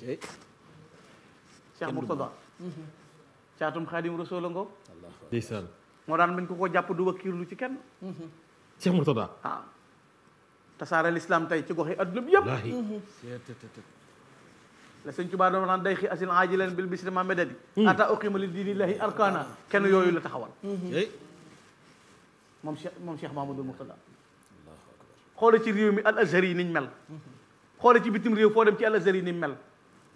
Cheikh Mourtada mm-hmm. caatum xaadim rasul la ngoog ndeysaan moo daan bañ ko koo jàpp du wakkiirlu ci kenn mm-hmm. Cheikh Mourtada waaw ah. tasaare lislaam tey ci gox yi adduna bi yëpp mm-hmm. la sëñ Tuubaa doon naan day xi asil aaji leen bil bisri ma medadi mm. ata uqima li diinillahi arkaana kenn yooyu la taxawal moom Cheikh moom Cheikh Mahamadul Mourtada xoole ci réew mi al azhar yi niñ mel xoole ci bitim réew foo dem ci al azhar yi niñ mel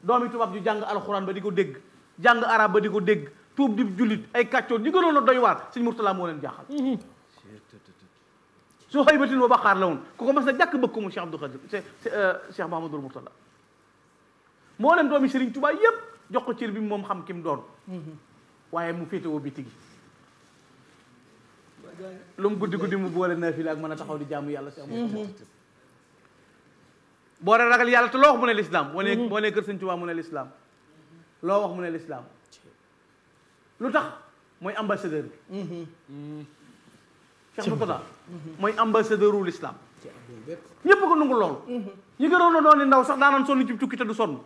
doomi tubaab ju jàng alxuraan ba di ko dégg jàng arab ba di ko dégg tuub di jullit ay kàccoor ñi gënoon a doy waar sëñ Murtala moo leen jaaxal mhm. su xaybatin wa baqaar la woon ku ko mas na jàkk bëgg ko mu Cheikh Abdou Khadir euh, Cheikh Mahamadul Murtala moo leen doomi Sëriñ Tuubaa yépp jox ko cër bi moom xam ki mu doon mhm. waaye mu féetewoo biti gi lu mu guddi guddi mu boole naafila ak mën a taxaw di jaamu yàlla si amul boo dee ragal yàlla te loo wax mu ne lislaam boo nee mm-hmm. boo nee kër sëñ Tuubaa mu ne lislaam loo wax mu ne lislaam lu tax mooy ambassadeur bi mm-hmm. Cheikh Mourtada mm-hmm. mooy ambassadeur wu lislaam ñépp ko nangu loolu ñi gënoon a doon ndaw sax daanoon sonn ci tukki te du sonn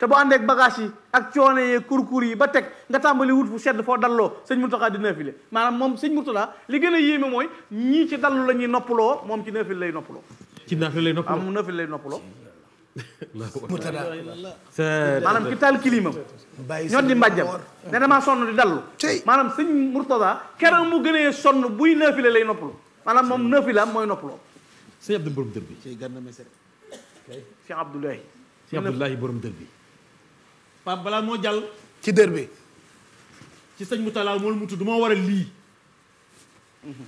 te boo àndee ak bagage yi ak coono yee kurkur yi ba teg nga tàmbali wut fu sedd foo dalloo sëñ Mourtada di neefile maanaam moom sëñ Mourtada li gën a yéeme mooy ñii ci dallu la ñuy noppaloo moom ci neefile lay noppaloo ci naaf lay noppaloo am maanaam ki taal kilimam ñoo di mbàjjam ne damaa sonn di dallu maanaam sëñ Murtada keroog mu gënee sonn buy naafile lay noppalu maanaam moom naafilaam mooy noppaloo sëñ Abdou borom dër bi sëñ borom dër bi Pape moo jàll ci dër ci sëñ Murtada moolu mu tudd moo war lii mhm.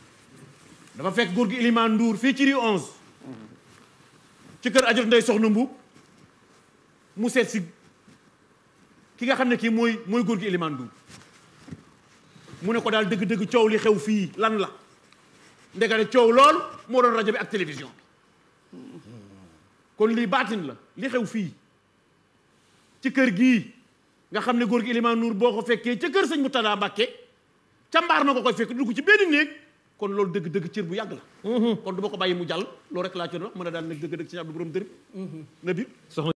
dafa fekk góor gi Ilimaan fii ci rue 11 ci kër adjur ndey soxna mbou mu set ci ki nga xamne ki moy moy mooy góor Eliman dou mu ne ko dal deug deug ciow li xew fi lan la ndegale ciow lol mo doon radio bi ak télévision kon li baatin la li xew fi ci kër gi nga xamne ne góor Eliman nour boko fekke ci ca kër sëñ Murtada Mbàkke ca mbar nako ko koy fekk ko ci benn néeg kon loolu dëgg-dëgg cër bu yàgg la mm-hmm. kon du ma ko bàyyi mu jàll loolu rek laa cër wax mën daal dëgg-dëgg ci ñaar bu borom dërëm na di